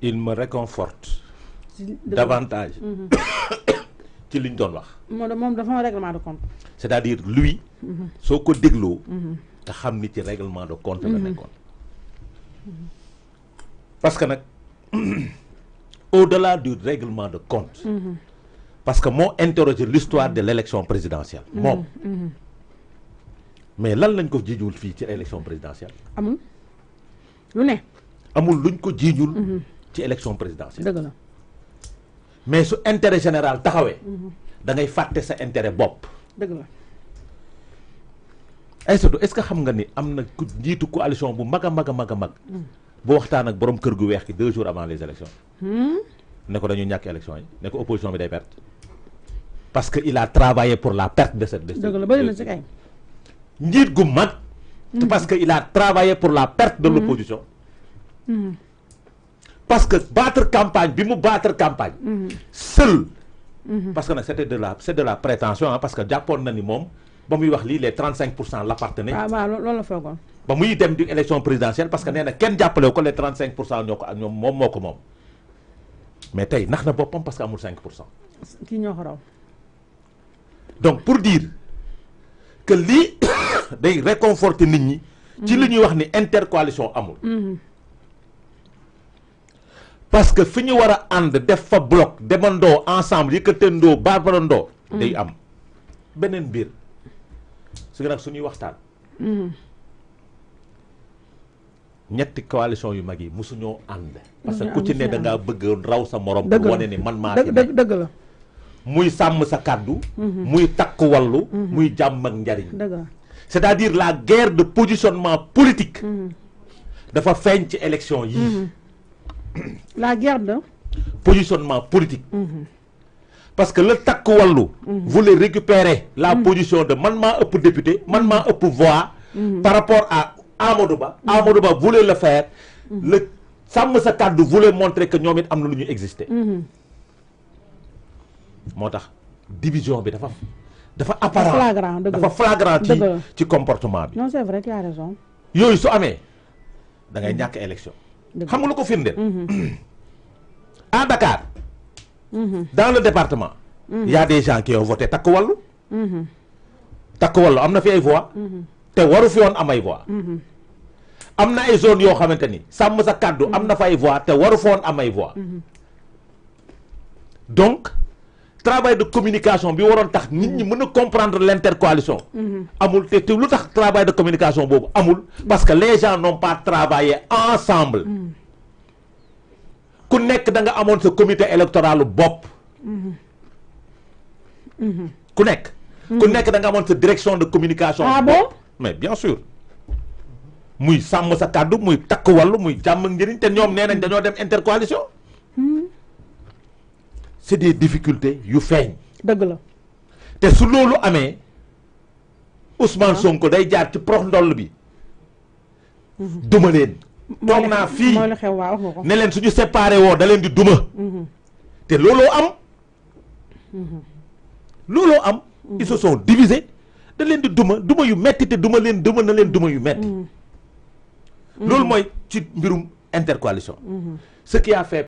il me réconforte. davantage. c'est-à-dire lui. ce dis, dégloo. sais que c'est règlement de compte parce que au-delà du règlement de compte. Mhm. parce que moi interroger l'histoire mhm. de l'élection présidentielle. Mhm. Moi, mais lan lañ ko jijuwul fii ci élection présidentielle. amul lu luñ ko jiiñul. Mhm. ci élection présidentielle. dëgg la mais su intérêt général taxawee. Mhm. da ngay fàtte sa intérêt bopp. dëgg la. Aïssatou est-ce que xam nga ni am na ku njiitu coalition bu mag a mag a mag boo mag. Mm. bu waxtaan ak borom kër gu weex ki deux jours avant les élections. Hmm? ne ko dañu ñàkk élection yi ne ko opposition bi day perte. parce que il a travaillé pour la perte de cette. dëgg la njiit gu mag. Mm-hmm. parce que il a travaillé pour la perte de mm-hmm. l'opposition. parce que battre campagne bi mu battre campagne. seul. Mhm. parce que nag c'était de la c'est de la prétention ah parce que jàppoon na ni moom ba muy wax lii les 35 pour cent ah, la foogoon. ba muy dem di élection présidentielle parce que nee na kenn jàppale ko les 35 pour cent ñoo ko ak moom moo ko moom mais tey nax na boppam parce que amul 5 pour cent. kii ñoo ko donc pour dire que lii day réconforter nit ñi. ci li ñuy wax ni intercoalition amul. Mhm. parce que fi wara and def fa bloc demandoo ensemble yëkkatandoo barbarandoo mm. day am benen bir su nga suñu waxtan waxtaan mm. coalition yu magi musuñu and mm. parce que ku ci ne da ngaa bëgg raw sa morom pour wane man maa deug deug la muy sam sa kàddu mm-hmm. muy takk wallu mm-hmm. muy jam ak ndariñ c'est-à-dire la guerre de positionnement politique mm-hmm. dafa feeñ ci élection yi la guerre de positionnement politique. Mhm. parce que le Taco mhm. voulait récupérer la mhm. position de man pour député Manement au pouvoir par rapport à Amodouba Amadouba voulait le faire. le Sam sa voulait montrer que nous existé. lu division bi dafa dafa flagrant flagrant tu comportes comportement non c'est vrai tu as raison. Yo y dans da ngay élection xam nga lu ko firndeel. Mhm. à Dakar. Mhm. dans le département. Mhm. y a des gens qui ont voté takk wàllu. takk wàllu am na fi ay voix. te waru fi woon am ay voix. am na ay zones yoo xamante ni sàmm sa kàddu am na fa ay voix te waru fa woon am ay voix. donc travail de communication bi waron tax nit ñi comprendre l'intercoalition mhm. amul té lu travail de communication bobu amul parce que les gens n'ont pas travaillé ensemble mhm. ku nekk da nga amone ce comité électoral bop mhm. ku nekk ku nekk da nga amone direction de communication ah mais bien sûr muy sam sa kàddu muy tak wàllu muy jam njëriñ te ñom nee intercoalition des difficultés yu feeñ. deug la té su lolu amé Ousmane ah. Sonko day jaar ci prox ndoll bi. Mhm. duma leen. toog naa fii ne leen suñu séparé wo da di duma. Mhm. té lolu am. Mhm. lolu am. ils se sont divisés da leen di duma duma yu metti té duma len duma na duma yu metti lolu moy ci mbirum intercoalition. ce qui a fait.